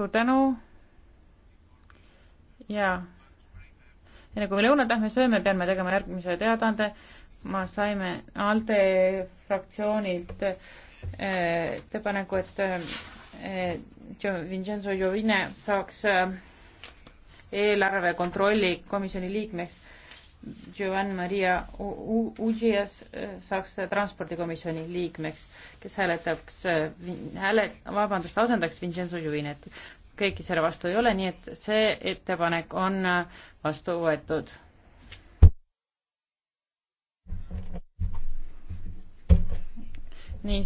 suur tänu ja enne kui me lõunat lähme sööme, peame tegema järgmise teadaande. ma saime ALDE fraktsioonilt eh, ettepaneku, et äh, Vincenzo Jovine saaks äh, eelarve kontrolli komisjoni liikmeks Joanne Maria Ugias äh, saaks äh, transpordikomisjoni liikmeks, kes hääletaks, äh, hääle, vabandust, asendaks Vincenzo Juvinet. keegi selle vastu ei ole, nii et see ettepanek on vastu võetud. nii.